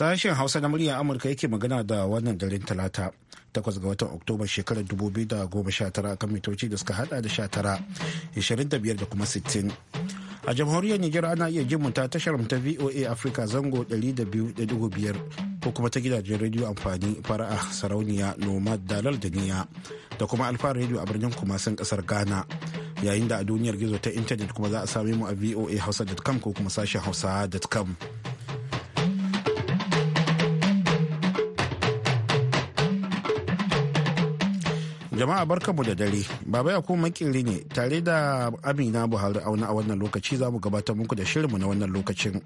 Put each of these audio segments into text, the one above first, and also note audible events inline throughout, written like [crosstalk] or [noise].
Sashen Hausa na muryar Amurka yake magana da wannan daren Talata, takwas ga watan Oktoba shekarar 2019 kan mitoci da suka hada da 19, 25 da kuma 60. A jamhuriyar Nijar ana iya jin ta tashar ta VOA Africa zango 200.5 ko kuma ta gidajen rediyo amfani fara'a sarauniya nomad dalal da niya da kuma alfa rediyo a birnin kumasin kasar Ghana. Yayin da a duniyar gizo ta intanet kuma za a same mu a VOA hausa.com ko kuma sashen hausa.com. Jama'a mu da dare, Baba ya kuma makiri ne tare da Amina Buhari auna a wannan lokaci za mu gabatar muku da shirinmu na wannan lokacin.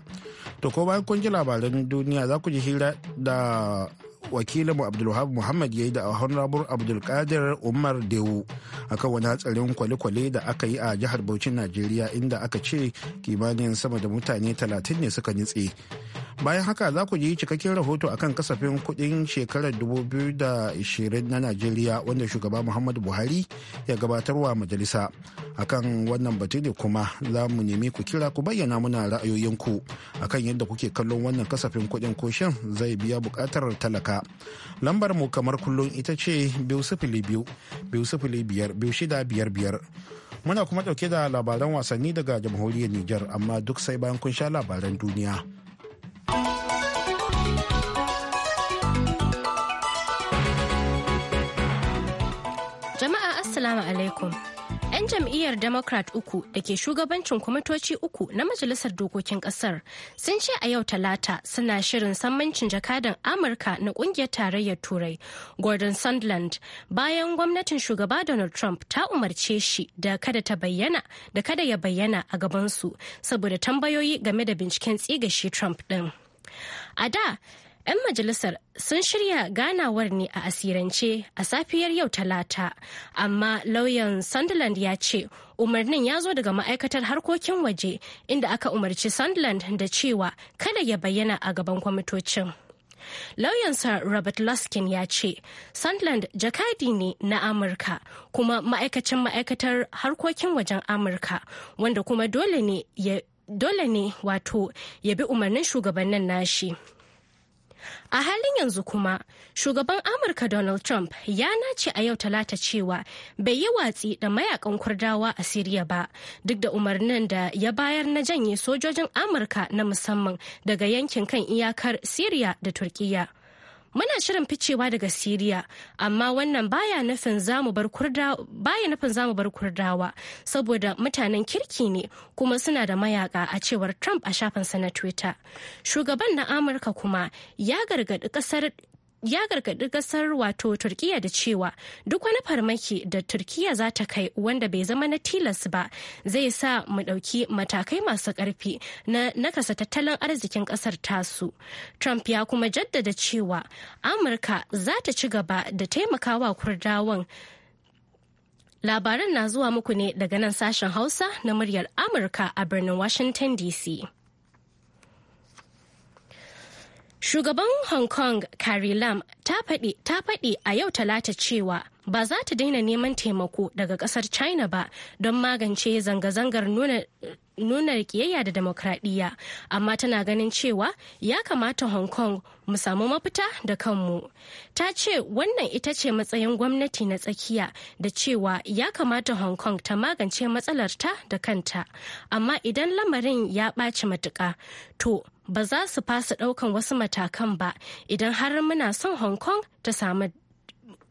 To ko bayan kun ji labaran duniya za ku ji hira da wakilinmu Abdulwahab Muhammad ya yi da Honorable Abdulkadir Umar Dewu akan wani hatsarin kwale-kwale da aka yi a jihar Bauchin Najeriya inda aka ce kimanin sama da mutane 30 ne suka nitse. bayan haka za ku ji cikakken rahoto akan kasafin kudin shekarar 2020 na najeriya wanda shugaba muhammadu buhari ya gabatarwa majalisa akan wannan batu ne kuma za mu nemi ku kira ku bayyana muna ra'ayoyinku akan yadda kuke kallon wannan kasafin kudin koshin zai biya bukatar talaka lambar mu kamar kullum ita ce biyu sifili biyu biyu shida biyar biyar muna kuma dauke da labaran wasanni daga jamhuriyar niger amma duk sai bayan kun sha labaran duniya. Jama'a Assalamu alaikum. 'Yan jam'iyyar Democrat uku da ke shugabancin kwamitoci uku na Majalisar Dokokin Ƙasar sun ce a yau Talata suna shirin sammancin jakadan Amurka na ƙungiyar tarayyar Turai, Gordon Sunderland. bayan gwamnatin shugaba Donald Trump ta umarce shi da kada ta bayyana da kada ya bayyana a gabansu saboda tambayoyi game da binciken tsiga shi Trump din. A da, 'Yan majalisar sun shirya ganawar ne a asirance a safiyar yau talata, amma lauyan Sunderland ya ce umarnin ya zo daga ma'aikatar harkokin waje inda aka umarci Sunderland da cewa kada ya bayyana a gaban kwamitocin. Lauyansa Robert Luskin ya ce, Sunderland jakadi ne na Amurka kuma ma'aikacin ma'aikatar harkokin wajen Amurka wanda kuma dole ne wato ya bi umarnin shugabannin nashi. A halin yanzu kuma, shugaban Amurka Donald Trump ya nace a yau talata cewa bai yi watsi da mayakan kurdawa a Siriya ba, duk da umarnin da ya bayar na janye sojojin Amurka na musamman daga yankin kan iyakar Siriya da Turkiyya. muna shirin ficewa daga siriya amma wannan baya nufin za mu bar kurdawa saboda mutanen kirki ne kuma suna da mayaka a cewar trump a shafinsa na twitter shugaban na amurka kuma ya gargaɗi ƙasar ya gargaɗi ƙasar wato turkiya da cewa duk wani farmaki da turkiya za ta kai wanda bai zama na tilas ba zai sa mu ɗauki matakai masu ƙarfi na nakasa tattalin arzikin ƙasar tasu trump ya kuma jaddada cewa amurka za ta ci gaba da taimakawa kurdawan labaran na zuwa muku ne daga nan sashen hausa na muryar amurka a birnin washington dc Shugaban Hong Kong Carrie Lam ta faɗi a yau talata cewa ba za ta daina neman taimako daga ƙasar China ba don magance zanga-zangar nuna nuna kiyayya da demokradiyya amma tana ganin cewa ya kamata hong kong mu samu mafita da kanmu ta ce wannan ita ce matsayin gwamnati na tsakiya da cewa ya kamata hong kong ta magance matsalarta da kanta amma idan lamarin ya ɓaci matuka to ba za su fasa ɗaukan wasu matakan ba idan har muna son hong kong ta samu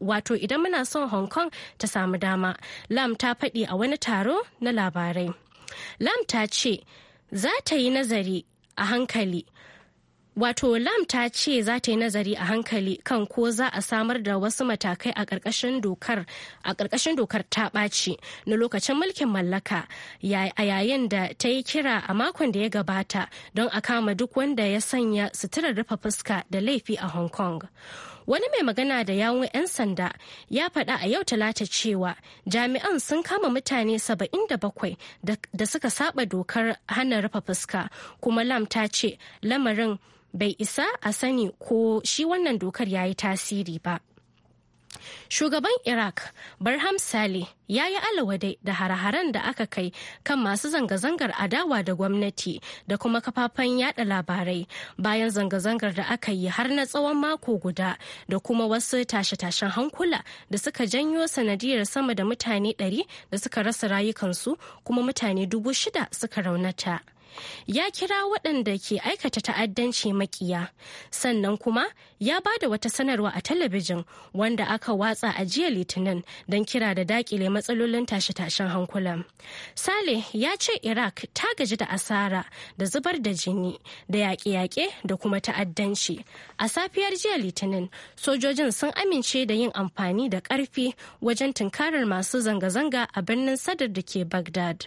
wato idan muna son hong kong ta samu dama lam ta faɗi a wani taro na labarai lam ta ce za ta yi nazari a hankali Wato Lam ta ce za ta yi nazari a hankali kan ko za a samar da wasu matakai a ƙarƙashin dokar a ƙarƙashin dokar ta ɓaci na lokacin mulkin mallaka a yayin da ta yi kira a makon da ya gabata don a kama duk wanda ya sanya suturar rufe fuska da laifi a Hong Kong. Wani mai magana da yawun 'yan sanda ya faɗa a yau talata cewa jami'an sun kama mutane 77 da da suka saba dokar hana rufe fuska kuma Lam ta ce lamarin bai isa a sani ko shi wannan dokar ya yi tasiri ba. Shugaban Iraq, Barham Saleh, ya yi alawadai da hare-haren da aka kai kan masu zanga-zangar adawa da gwamnati da kuma kafafen yada labarai bayan zanga-zangar da aka yi har na tsawon mako guda da kuma wasu tashe-tashen hankula da suka janyo sanadiyar sama da mutane 100 da suka rasa rayukansu kuma mutane dubu shida suka raunata. ya kira waɗanda ke aikata ta'addanci makiya sannan kuma ya ba da wata sanarwa a talabijin wanda aka watsa a jiya litinin don kira da dakile matsalolin tashe-tashen hankula sale ya ce iraq ta gaji da asara da zubar da jini da yaƙe-yaƙe da kuma ta'addanci a safiyar jiya litinin sojojin sun amince da yin amfani da ƙarfi wajen tunkarar masu zanga-zanga a birnin sadar da ke bagdad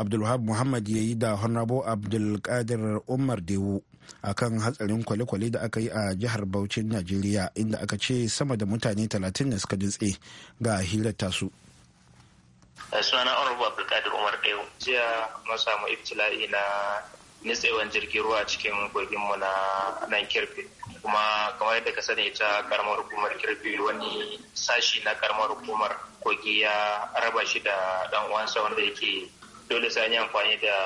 abdulwahab muhammad ya yi da honorable abdulkadir umar dewu kan hatsarin kwale-kwale da aka yi a jihar bauchi Najeriya inda aka ce sama da mutane 30 ne suka dutse ga hirar tasu. Eh, suna Honorable Abdulkadir Umar dewu Jiya mun samu ibtila'i na nitsewan jirgin ruwa cikin mu na nan kirfi. Kuma kamar yadda ka sani ita karamar hukumar kirfi wani sashi na karamar hukumar kogi ya raba shi da dan uwansa wanda yake dole sai an yi amfani da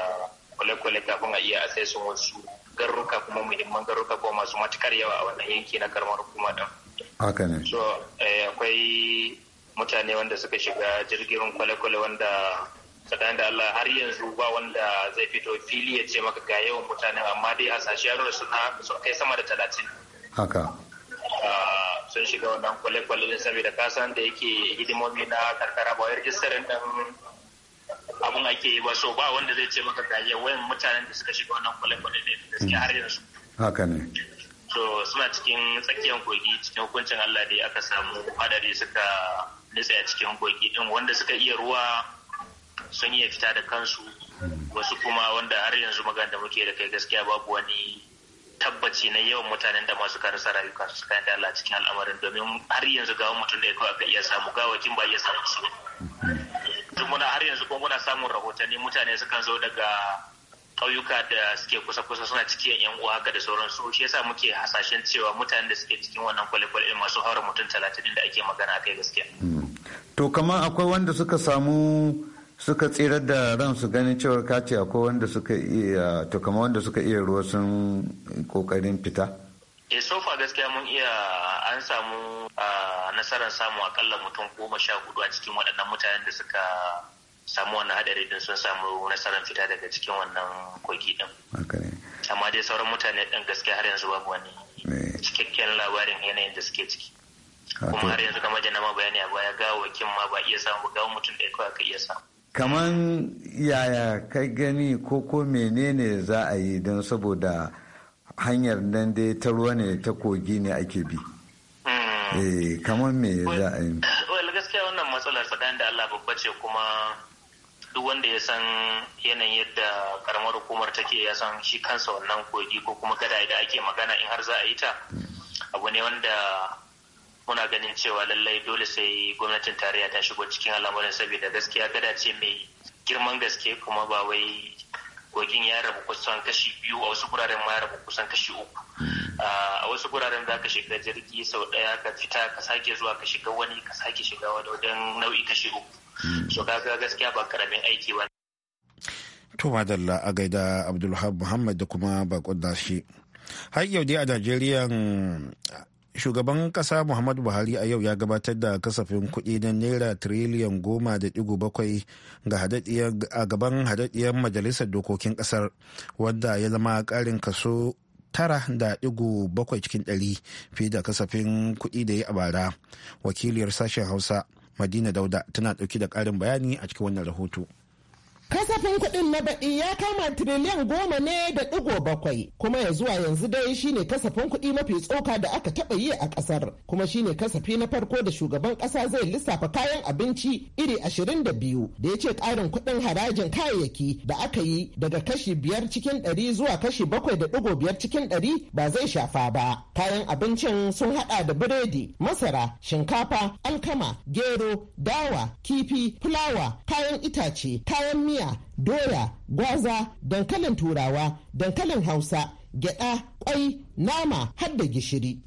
kwale-kwale kafin a iya asaisin wasu garruka kuma muhimman garruka kuma masu matukar yawa a wannan yanki na karamar hukuma din. Haka ne. So eh, akwai mutane wanda suka shiga jirgin kwale-kwale wanda tsakanin da Allah har yanzu ba wanda zai fito fili ya ce maka ga yawan mutane amma dai a sashi yaro suna kai sama da talatin. Haka. Ah, sun shiga wannan kwale-kwale din saboda kasan da yake hidimomi na karkara ba wayar ɗan din Abin ake yi ba so ba wanda zai ce maka gaya wayan mutanen da suka shiga wannan kwale-kwale ne da gaskiya har yanzu haka ne so suna cikin tsakiyar kogi cikin hukuncin Allah da aka samu hadari suka nitsaya a cikin kogi din wanda suka iya ruwa sun iya fita da kansu hmm. wasu kuma wanda har yanzu magana da muke da kai gaskiya babu wani tabbaci na yawan mutanen da masu karasa rayuka su kayan da Allah cikin al'amarin domin har yanzu gawa mutum da ya kawai aka iya samu gawakin ba iya samu su hmm. muna har yanzu kuma muna samun rahotanni mutane sukan zo daga ƙauyuka da suke kusa-kusa suna cikin yan uwa haka da sauransu shi yasa muke hasashen cewa mutanen da suke cikin wannan kwale-kwale masu haura mutum talatin da ake magana akai gaskiya. Hmm. to kamar akwai wanda suka samu suka tsira da ransu ganin cewar kaci akwai wanda suka iya to kamar wanda suka iya ruwa sun kokarin fita. e eh, sofa gaskiya mun iya an samu nasarar samu akalla mutum goma sha hudu a cikin waɗannan mutanen da suka samu wannan hadari din sun samu nasarar fita daga cikin wannan kogi din amma dai sauran mutane din gaskiya har yanzu babu wani cikakken labarin yanayin da suke ciki kuma har yanzu kamar jana ma bayani a baya gawakin ma ba iya samu ga mutum da kawai aka iya samu kaman yaya kai gani ko ko menene za a yi don saboda hanyar nan dai ta ruwa ne ta kogi ne ake bi hmm. eh kamar me za a yi Wani gaskiya wannan matsalar tsakanin da Allah babba ce kuma duk wanda ya san yanayin yadda karamar hukumar take ya san shi kansa wannan kogi ko kuma gada da ake magana in har za a yi ta abu ne wanda muna ganin cewa lallai dole sai gwamnatin tarayya ta shigo cikin al'amarin saboda gaskiya gada ce mai girman gaske kuma ba wai kogin ya rabu kusan kashi biyu a wasu guraren ma ya rabu kusan kashi uku hmm. a wasu guraren za ka shiga jirgi sau ɗaya ka fita ka sake zuwa ka shiga wani ka sake shiga wani wajen nau'i kashi uku hmm. so kaga gaskiya ba karamin aiki ba to madalla a gaida abdulhab muhammad da kuma bakon dashi har yau dai a najeriya shugaban kasa muhammadu buhari a yau ya gabatar da kasafin kuɗi na naira tiriliyan goma da digo bakwai a gaban hadaddiyar majalisar dokokin kasar wadda ya zama ƙarin kaso tara da digo bakwai cikin ɗari fiye da kasafin kuɗi da ya a bara wakiliyar sashen hausa madina dauda tana ɗauki da ƙarin bayani a cikin wannan rahoto. Kasafin kuɗin na baɗi ya kama tiriliyan goma ne da ɗigo bakwai kuma ya zuwa yanzu dai shine kasafin kuɗi mafi tsoka da aka taɓa yi a ƙasar kuma shine kasafi na farko da shugaban ƙasa zai lissafa kayan abinci iri ashirin da biyu da ya ce ƙarin kuɗin harajin kayayyaki da aka yi daga kashi biyar cikin ɗari zuwa kashi bakwai da ɗigo biyar cikin ɗari ba zai shafa ba. Kayan abincin sun haɗa da biredi, masara, shinkafa, alkama, gero, dawa, kifi, fulawa, kayan itace, kayan miya miya doya gwaza dankalin turawa dankalin hausa gyada kwai nama har da gishiri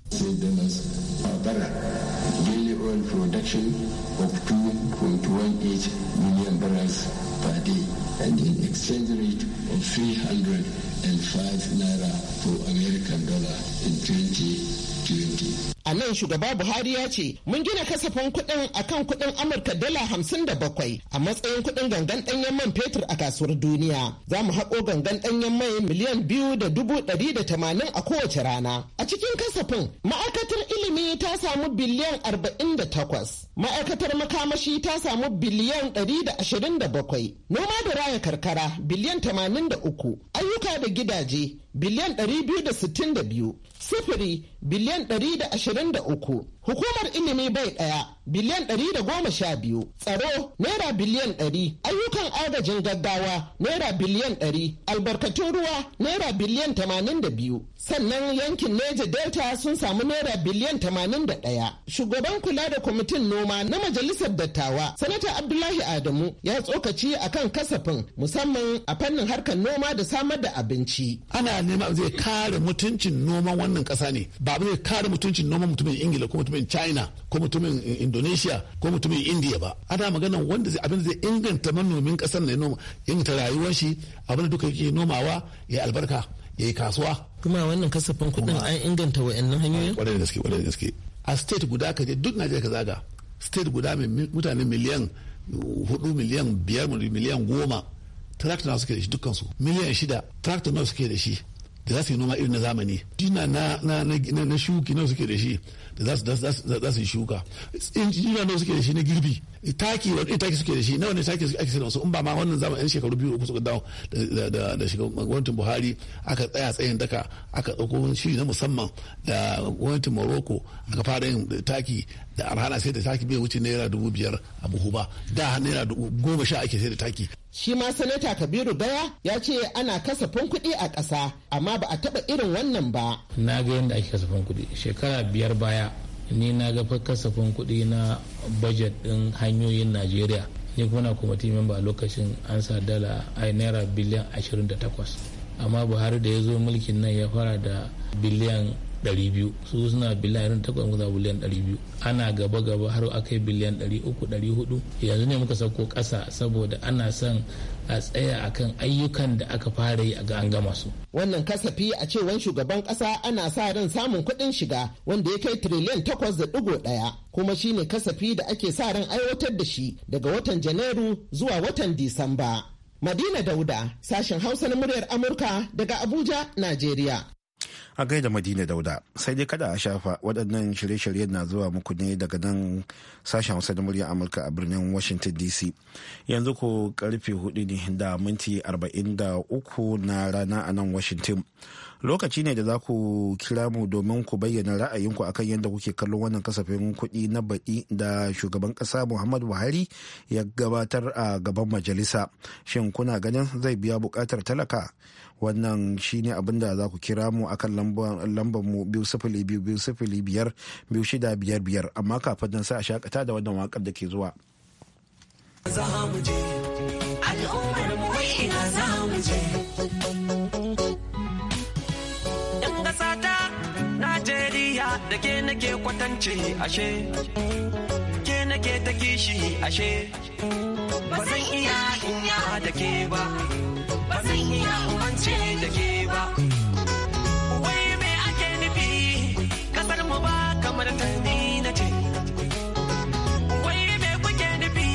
oil production of 2.18 million barrels per day and an exchange rate of 305 naira for American dollar in 2020. a nan shugaba buhari ya ce mun gina kasafin kuɗin a kan kuɗin amurka dala hamsin da bakwai a matsayin kuɗin gangan ɗanyen man fetur a kasuwar duniya za mu haƙo gangan ɗanyen mai miliyan biyu da dubu ɗari da tamanin a kowace rana a cikin kasafin ma'aikatar ilimi ta samu biliyan arba'in da takwas ma'aikatar makamashi ta samu biliyan ɗari da ashirin da bakwai noma da raya karkara biliyan tamanin da uku ayyuka da gidaje biliyan ɗari biyu da sittin da biyu sifiri biliyan ɗari da ashirin 2023 hukumar ilimi bai daya biliyan 112 tsaro naira biliyan 100 ayyukan kayan agajin gaggawa naira biliyan 100 albarkatun ruwa naira biliyan 82 sannan yankin neja delta sun samu naira biliyan 81 shugaban kula da kwamitin noma na majalisar dattawa sanata abdullahi adamu ya tsokaci akan kasafin musamman a fannin harkar noma da samar da abinci ana nema zai kare mutuncin noman wannan kasa ne ba zai kare mutuncin noman mutumin ingila ko mutumin china ko mutumin indonesia ko mutumin india ba ana maganan wanda zai abin zai inganta manomin kasar da ya noma ta rayuwar shi abin da duka yake nomawa ya albarka ya yi kasuwa kuma wannan kasafin kuɗin an inganta wa'annan hanyoyin kwarai da gaske kwarai da gaske a state guda ka je duk najeriya ka zaga state guda mai mutane miliyan hudu miliyan biyar miliyan goma tractor na suke da shi dukkan su miliyan shida tractor na suke da shi da za su yi noma irin na zamani jina na na na shuki nawa suke da shi da za su yi shuka jina nawa suke da shi na girbi taki wani taki suke da shi nawa ne taki ake sayar su in ba ma wannan zamani yan shekaru biyu uku suka dawo da shiga gwamnatin Buhari aka tsaya tsayin daka aka dauko wani shiri na musamman da gwamnatin Morocco aka fara yin taki da arhana sai da taki bai wuce naira dubu biyar a buhu ba da naira goma sha ake sai da taki Shi ma Sanata Kabiru baya ya ce ana kasafin kuɗi a ƙasa amma ba a taɓa irin wannan ba. Na ga yadda ake kasafin kuɗi shekara biyar baya ni na ga kasafin kuɗi na bajet ɗin hanyoyin Najeriya. Ni kuma na kuma timin ba lokacin an sa dala a naira biliyan 28. Amma Buhari da ya zo mulkin nan ya fara da biliyan 200 su suna biliyan 8 muna biliyan 200 ana gaba gaba har akai biliyan 300 400 yanzu ne muka sauko ƙasa saboda ana son a tsaya akan ayyukan da aka fara yi a ga an gama su. Wannan kasafi a cewan shugaban ƙasa ana sa ran samun kuɗin shiga wanda ya kai triliyan takwas da digo ɗaya kuma shine kasafi da ake sa ran aiwatar da shi daga watan Janairu zuwa watan Disamba. Madina Dauda, sashen Hausa na muryar Amurka daga Abuja, Najeriya. a gaida madina dauda sai dai kada a shafa waɗannan shirye-shiryen na zuwa muku ne daga nan sashen hausa da muryar amurka a birnin washington dc yanzu ko karfe hudu ne da minti 43 na rana a nan washington lokaci ne da za ku kira mu domin ku bayyana ra'ayinku akan yadda kuke kallon wannan kasafin kuɗi na baɗi da shugaban ƙasa muhammadu buhari ya gabatar a gaban majalisa shin kuna ganin zai biya buƙatar talaka wannan shine abin da za ku kira mu akan lambar mu biyu sifili biyu biyu sifili biyar biyu shida biyar biyar amma kafin nan sai a shakata da wannan wakar da ke zuwa. da ke nake kwatance ashe ke nake ta kishi ashe ba zan iya inya da ke ba ba zan iya umance da ke ba wai me ake nufi kasar mu ba kamar ta na ce wai me kuke nufi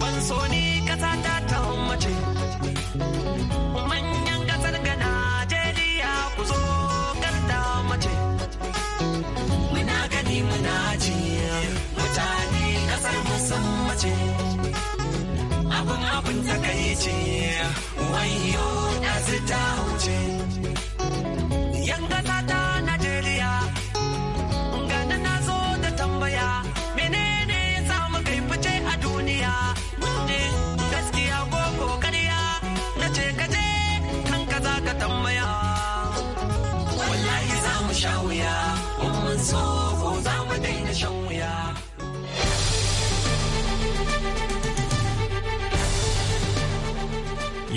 ban so ni kasa ta ta mace manyan ƙasar ga Najeriya ku zo mace muna gani muna ji mutane ƙasar mu sun abin abin takaici wayo ɗazu ta wuce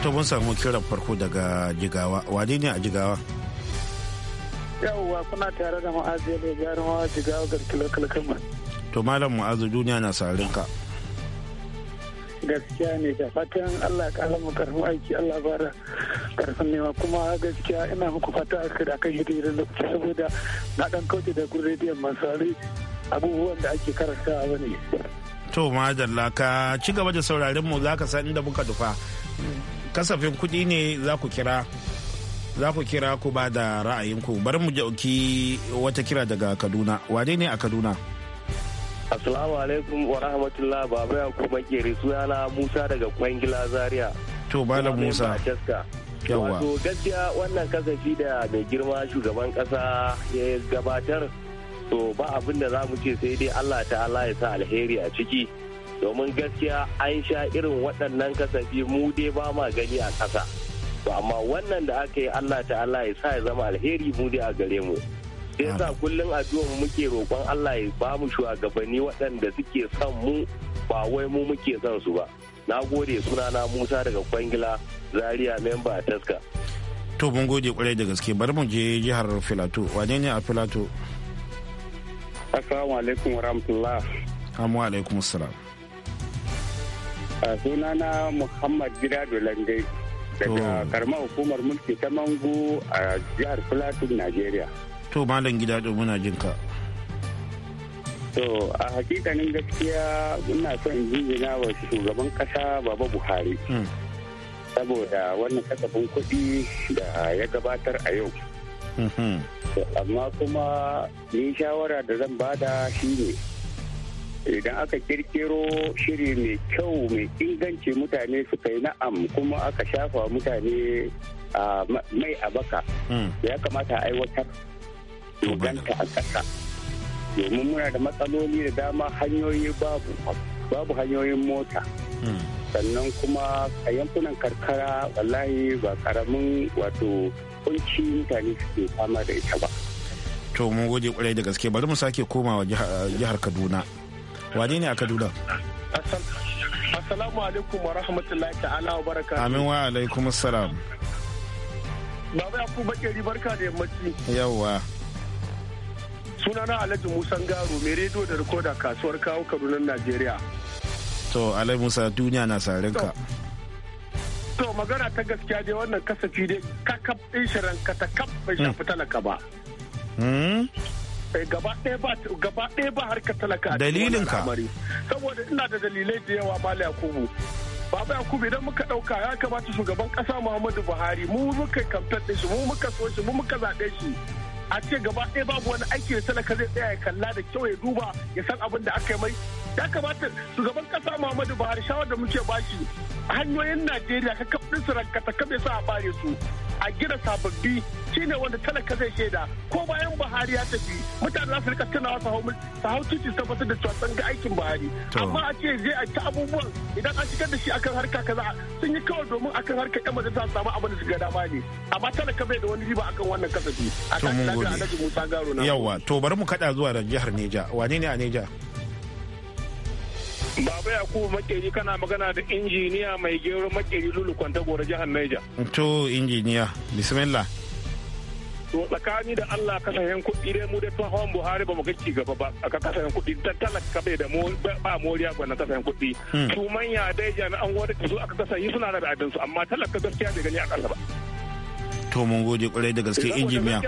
to mun samu kiran farko daga jigawa wane ne a jigawa yawwa kuna tare da ma'azi da jarumawa jigawa ga kalkalkama to malam ma'azu duniya na sarin ka gaskiya ne da fatan allah ya kala mu karfin aiki allah ba da karfin nema kuma gaskiya ina muku fata a kai da kan hidira saboda na dan kauce da gurin rediyon masu abubuwan da ake karanta ba ne to madalla ka ci gaba da sauraren mu za ka san inda muka dufa kasafin kuɗi ne za ku kira za ku kira ku ba da ra'ayinku bari mu dauki wata kira daga kaduna wane ne a kaduna assalamu alaikum wa rahmatullah baba ya kuma kere suna musa daga kwangila zaria to malam musa yawa wato gaskiya wannan kasafi da mai girma shugaban kasa ya gabatar to ba abin da za mu ce sai dai allah ta'ala ya sa alheri a ciki domin gaskiya an sha irin waɗannan kasafi mu dai ba ma gani a ƙasa to amma wannan da aka yi allah ta'ala ya sa ya zama alheri mu dai a gare mu sai yasa kullum addu'a mu muke roƙon allah ya ba mu shugabanni waɗanda suke son mu ba wai mu muke son su ba na gode sunana musa daga kwangila zaria memba taska to mun gode kwarai da gaske bari mu je jihar filato wane ne a filato assalamu alaikum wa rahmatullah Assalamu alaikum wa A sunana muhammad gida dolangai daga karamar hukumar mulki ta mangu a jihar plateau nigeria to malam gida muna jin ka to a hakikanin gaskiya ina son jinjina wa shugaban kasa baba buhari hmm. saboda wannan kasafin kuɗi da ya gabatar a yau hmm, hmm. amma kuma ni shawara da zan bada shi ne. idan aka kirkiro shiri mai kyau mai inganci mutane su yi na'am kuma aka shafa mutane mai abaka. Hmm. ya kamata a aiwatar doganta a ƙasa domin muna da matsaloli da dama hanyoyi babu babu hanyoyin mota hmm. sannan kuma a yankunan karkara wallahi ba karamin wato kunci mutane ke fama da ita ba to mun gode kwarai da gaske bari mu sake komawa jihar kaduna wane ne a kaduna assalamu alaikum wa rahmatullahi ta'ala wa baraka amin wa alaikum assalam baba ya ku bakeri barka da yammaci yawwa sunana alhaji Musa garo mai rediyo da rikoda kasuwar kawo kaduna najeriya to alai musa duniya na sarin ka to magana ta gaskiya dai wannan kasafi dai kakab ɗin shirin ka ta bai shafi mm. talaka ba mm. Eh, gaba ɗaya ba gaba ɗaya ba harkar talaka dalilin ka saboda ina da dalilai da yawa mala yakubu Baba Yakubu idan muka ɗauka ya kamata shugaban ƙasa Muhammadu Buhari mu muka kamtar da shi mu muka so shi mu muka zaɓe shi a ce gaba ɗaya babu wani aiki da talaka zai tsaya ya kalla da kyau ya duba ya san abin da aka yi mai ya kamata shugaban ƙasa Muhammadu Buhari shawar da muke bashi hanyoyin Najeriya ka kafin su rankata kabe sa a bare su a gina sababbi shine wanda talaka zai shaida ko bayan buhari ya tafi mutane za su rika tunawa su hau su hau titi tabbatar da cewa sun ga aikin buhari amma a ce zai a ta abubuwan idan an shigar da shi akan harka kaza sun yi kawai domin akan harka yan majalisa su samu abin da gada dama ne amma talaka bai da wani riba akan wannan kasafi a kan lafiya alhaji musa garo na yawa to bari mu kada zuwa da jihar neja wane ne a neja Baba Yakubu Makeri kana magana da injiniya mai gero Makeri Lulu gora jihar Naija. To injiniya, bismillah. to tsakani da Allah kasashen kuɗi dai mu dai tun Buhari ba mu ga ci gaba ba a kasashen kuɗi ta talaka bai da ba moriya gwanan kasashen kuɗi hmm. su manya dai jami'an wani su aka kasayi suna da abinsu amma talaka gaskiya bai gani a ƙasa ba. To mun gode kwarai da gaske injiniya.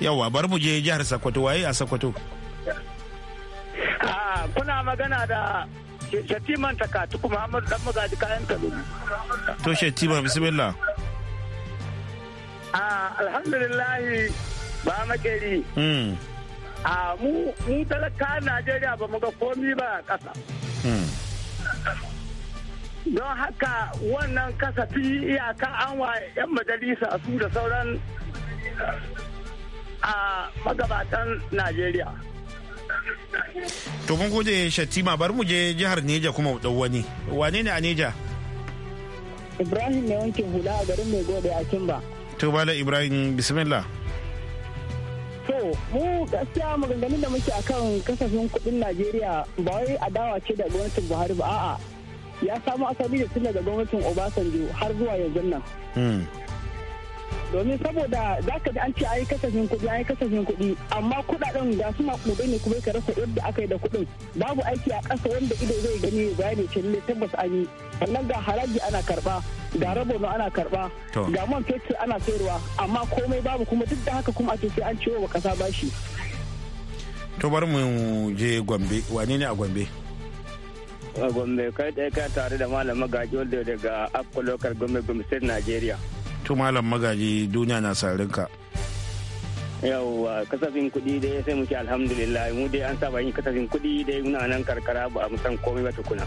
Yawa [laughs] bar mu je jihar Sokoto waye a Sokoto. kuna magana da Shatiman Takatuku Muhammadu Dan Magaji kayan Kaduna. To Shatiman bismillah. Ah alhamdulillah ba makeri. Mm. A ah, mu mu talaka Najeriya ba mu ga komi ba kasa. Mm. Don haka wannan fi iyaka an wa 'yan majalisa su da sauran a ah, magabatan Najeriya. To mun gode Shatima bar mu je jihar Neja kuma dau wani. Wane ne a Neja? Ibrahim ne wanke hula a garin mai gode a Kimba. To bala Ibrahim bismillah. To mu gaskiya maganganun da muke akan kasafin kudin Najeriya ba wai adawa ce da gwamnatin Buhari ba a'a ya samu asali da tun daga gwamnatin Obasanjo har zuwa yanzu nan. Hmm. domin saboda za ka ji an ce ai kasafin kuɗi ai kasafin kuɗi amma kuɗaɗen ga su ne kuma ka rasa yadda aka yi da kuɗin babu aiki a ƙasa wanda ido zai gani ya bayani tabbas an yi sannan ga haraji ana karɓa ga rabono ana karɓa ga man fetur ana sayarwa amma komai babu kuma duk da haka kuma a ce sai an ciwo wa ƙasa bashi. to bari mu je gombe wane ne a gombe. a gombe kai ɗaya ka tare da malam gaji wanda daga afko lokal gombe gombe state nigeria. to malam magaji duniya na sarin ka yawwa kasafin kuɗi dai sai muke alhamdulillah mu dai an saba yin kasafin kuɗi dai muna nan karkara ba mu san komai ba tukuna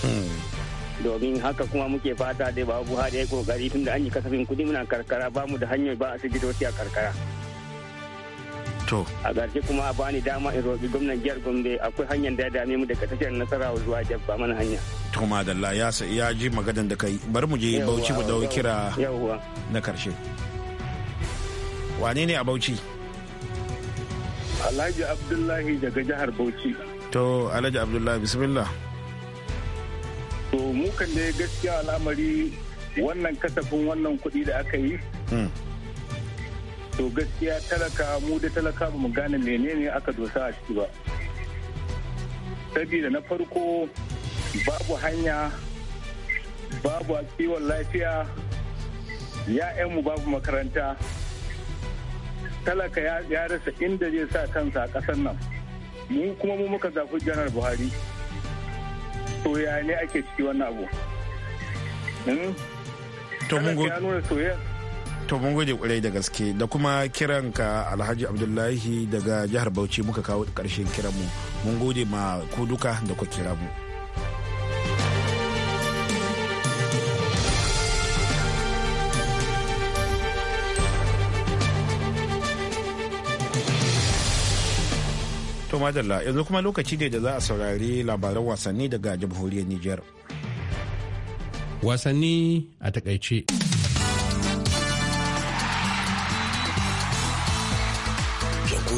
[laughs] domin haka kuma muke fata dai ba buhari ya yi kokari tunda an yi kasafin kuɗi muna karkara ba mu da hanyar ba a asibitoci a karkara To. A ƙarshe kuma a bani dama in roƙi gwamnan jihar Gombe akwai hanyar da ya dame mu daga tashar nasarawa zuwa jabba mana hanya. To madalla ya ya ji maganar da kai bari mu je Bauchi mu dawo kira na ƙarshe. Wane ne a Bauchi? Alhaji Abdullahi daga jihar Bauchi. To Alhaji Abdullahi bismillah. To mu kan dai gaskiya al'amari wannan kasafin wannan kuɗi da aka yi. Hmm. to gaskiya talaka mu da talaka mu gane menene aka dosa a ciki ba sabida na farko babu hanya babu a kiwon lafiya ya'yanmu babu makaranta talaka ya rasa inda zai sa kansa a ƙasar nan mu kuma mu muka zafi janar buhari to ya ne ake ciki wannan abu hmm? to ya nuna soyayya to mun gode kwarai da gaske da kuma kiran ka alhaji abdullahi daga jihar bauchi muka kawo karshen mu mun gode ma ku duka da ku kira mu To madalla yanzu kuma lokaci ne da za a saurari labaran wasanni daga jamhuriyar Nijar. Wasanni a takaice.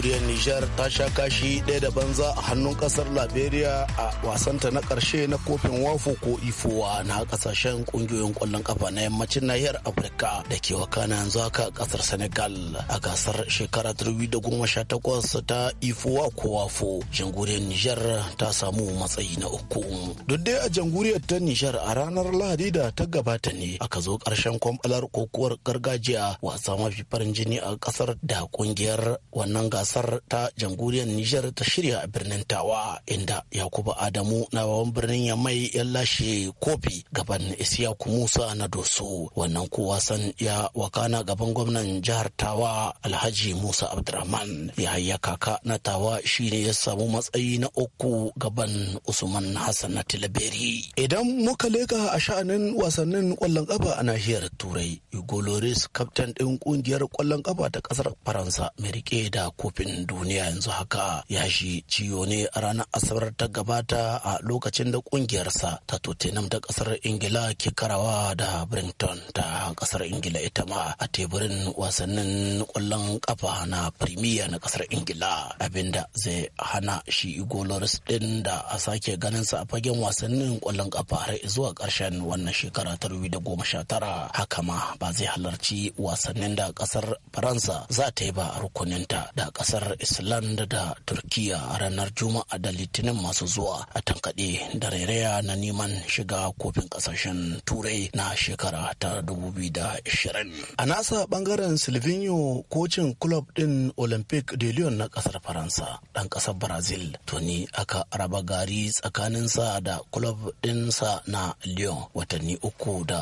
jamhuriyar nijar ta sha kashi ɗaya da banza a hannun ƙasar liberia a wasanta na ƙarshe na kofin wafo ko ifowa na ƙasashen ƙungiyoyin ƙwallon ƙafa na yammacin nahiyar afirka da ke wakana yanzu haka ƙasar senegal a gasar shekara 2018 ta ifowa ko wafo jamhuriyar nijar ta samu matsayi na uku duk dai a jamhuriyar ta nijar a ranar lahadi da ta gabata ne aka zo ƙarshen kwamfalar kokuwar gargajiya wasa mafi farin jini a ƙasar da ƙungiyar wannan gasar kasar ta jamhuriyar Nijar ta shirya a birnin Tawa inda Yakubu Adamu na wawan birnin ya mai ya lashe kofi gaban Isiyaku Musa na Doso. Wannan ko wasan ya wakana gaban gwamnan jihar Tawa Alhaji Musa Abdurrahman. yi Kaka na Tawa shine ya samu matsayi na uku gaban Usman Hassan na Tilaberi. Idan muka leka a sha'anin wasannin kwallon kafa a nahiyar Turai, Igolores kaftan ɗin ƙungiyar kwallon kafa ta ƙasar Faransa mai rike da kofin kofin duniya yanzu haka ya shi ciyo ne a ranar asabar ta gabata a lokacin da kungiyarsa ta tottenham ta kasar ingila ke karawa da brinton ta kasar ingila ita ma a teburin wasannin kwallon kafa na premier na kasar ingila abinda zai hana shi igolors din da a sake ganin sa a fagen wasannin kwallon kafa har zuwa karshen wannan shekara ta da goma sha tara haka ma ba zai halarci wasannin da kasar faransa za ta yi ba a rukuninta da kasar Islanda da Turkiya a ranar Juma'a da Litinin masu zuwa a tankaɗe da rairaya na neman shiga kofin kasashen Turai na shekara ta 2020. A nasa ɓangaren Silvino kocin kulob ɗin Olympic de Lyon na kasar Faransa ɗan kasar Brazil tuni aka raba gari tsakanin sa da kulob ɗinsa na Lyon watanni uku da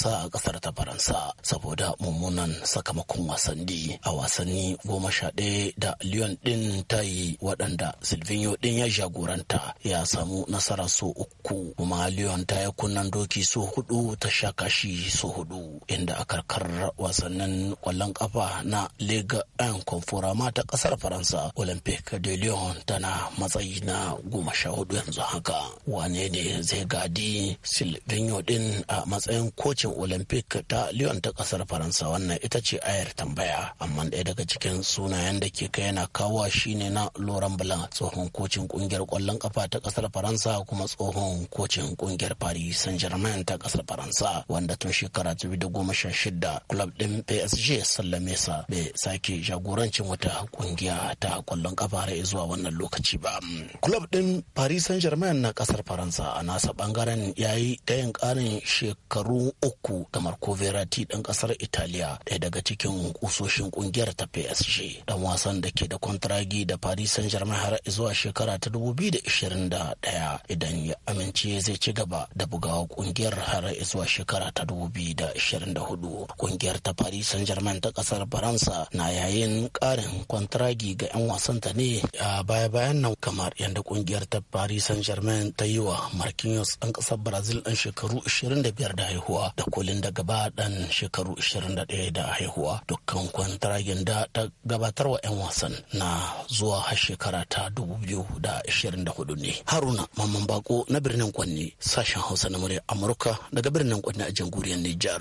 sa a kasar ta Faransa saboda mummunan sakamakon wasanni a wasanni goma sha ɗaya da da Lyon din ta yi waɗanda Silvinho din ya jagoranta ya samu nasara so uku kuma Lyon ta yi kunnan doki so hudu ta sha kashi so hudu inda a karkar wasannin ƙwallon ƙafa na Ligue 1 Conforama ta ƙasar Faransa Olympique de Lyon tana matsayi na goma sha hudu yanzu haka wane ne zai gadi Silvinho din a matsayin kocin Olympique ta Lyon ta ƙasar Faransa wannan ita ce ayar tambaya amma ɗaya daga cikin sunayen da ke haka yana kawo shine na loran Blanc tsohon kocin kungiyar kwallon kafa ta kasar Faransa kuma tsohon kocin kungiyar Paris Saint-Germain ta kasar Faransa wanda tun shekara 2016 club din PSG sallame sa bai sake jagorancin wata kungiya ta kwallon kafa har zuwa wannan lokaci ba. Club din Paris Saint-Germain na kasar Faransa a nasa bangaren yayi tayin karin shekaru uku kamar Coverati dan kasar Italiya daya daga cikin kusoshin kungiyar ta PSG dan wasan da da ke da kwantaragi da Paris Saint-Germain har zuwa shekara ta 2021 idan ya amince zai ci gaba da bugawa kungiyar har zuwa shekara ta 2024 kungiyar ta paris saint germain ta kasar faransa na yayin karin kwantaragi ga 'yan wasanta ne a baya-bayan nan kamar yadda kungiyar ta paris saint germain ta yi wa marquinhos ɗan kasar brazil ɗan shekaru 25 da haihuwa da kolin da gaba ɗan shekaru 21 da haihuwa dukkan kwantaragin da ta gabatar wa 'yan wasan na zuwa har shekara ta 2024 ne haruna mamman bako na birnin Kwanni sashen Hausa na murya Amurka daga birnin Kwanni a jamhuriyar Nijar.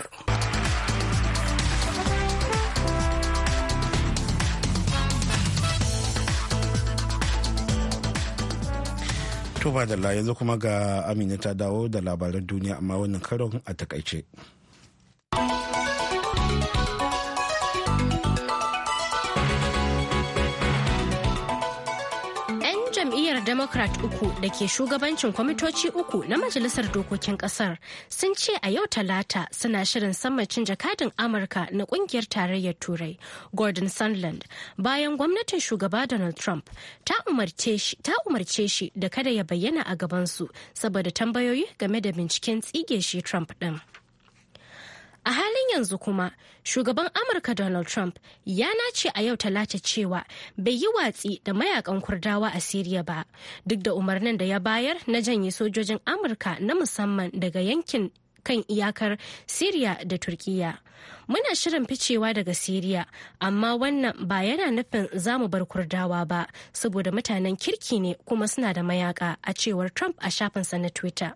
Tuba da la yanzu kuma ga Amina ta dawo da labaran duniya amma wannan karon a takaice. jam'iyyar democrat uku da ke shugabancin kwamitoci uku na majalisar dokokin kasar sun ce a yau talata suna shirin sammacin jakadin amurka na kungiyar tarayyar turai gordon sunland bayan gwamnatin shugaba donald trump ta umarce shi da kada ya bayyana a gabansu saboda tambayoyi game da binciken tsige shi trump din. A halin yanzu kuma, shugaban Amurka Donald Trump ya nace a yau talata cewa bai yi watsi da mayakan kurdawa a Siriya ba, duk da umarnin da ya bayar na janye sojojin Amurka na musamman daga yankin kan iyakar Siriya da Turkiya. Muna shirin ficewa daga Siriya, amma wannan ba yana nufin za mu bar kurdawa ba, saboda mutanen kirki ne kuma suna da mayaka a cewar Trump a shafinsa na Twitter.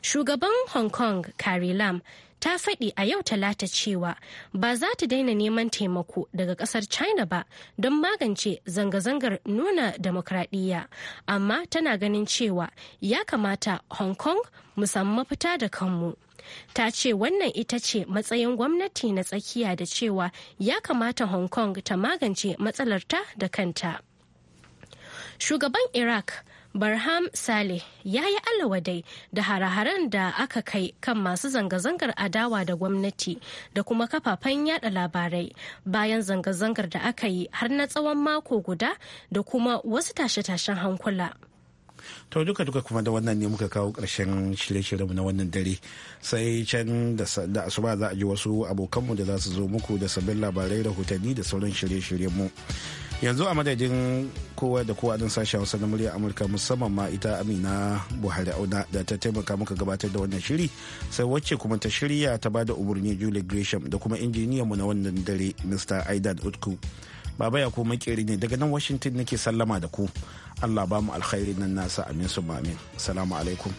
Shugaban Hong Kong, Carrie Lam, ta faɗi a yau talata cewa ba za ta daina neman taimako daga ƙasar china ba don magance zanga-zangar nuna demokradiyya amma tana ganin cewa ya kamata hong kong mu samu mafita da kanmu ta ce wannan ita ce matsayin gwamnati na tsakiya da cewa ya kamata hong kong ta magance matsalarta da kanta shugaban iraq barham saleh ya yi alawadai da hare-haren da aka kai kan masu zanga-zangar adawa da gwamnati da kuma kafafen yada labarai bayan zanga-zangar da aka yi har na tsawon mako guda da kuma wasu tashe-tashen hankula. to duka duka kuma da wannan ne muka kawo ƙarshen shirye-shiryenmu na wannan dare sai can da asuba za a ji wasu abokanmu da za su zo muku da sabbin labarai rahotanni da sauran shirye-shiryenmu yanzu a madadin kowa da kowa don sashen hausa na murya amurka musamman ma ita amina buhari auna da ta taimaka muka gabatar da wannan shiri sai wacce kuma ta shirya ta bada umarni julie gresham da kuma injiniyanmu na wannan dare mr aidan utku baba ya komai makeri ne daga nan washington nake sallama da ku allah ba mu alkhairi nan nasa amin su amin salamu alaikum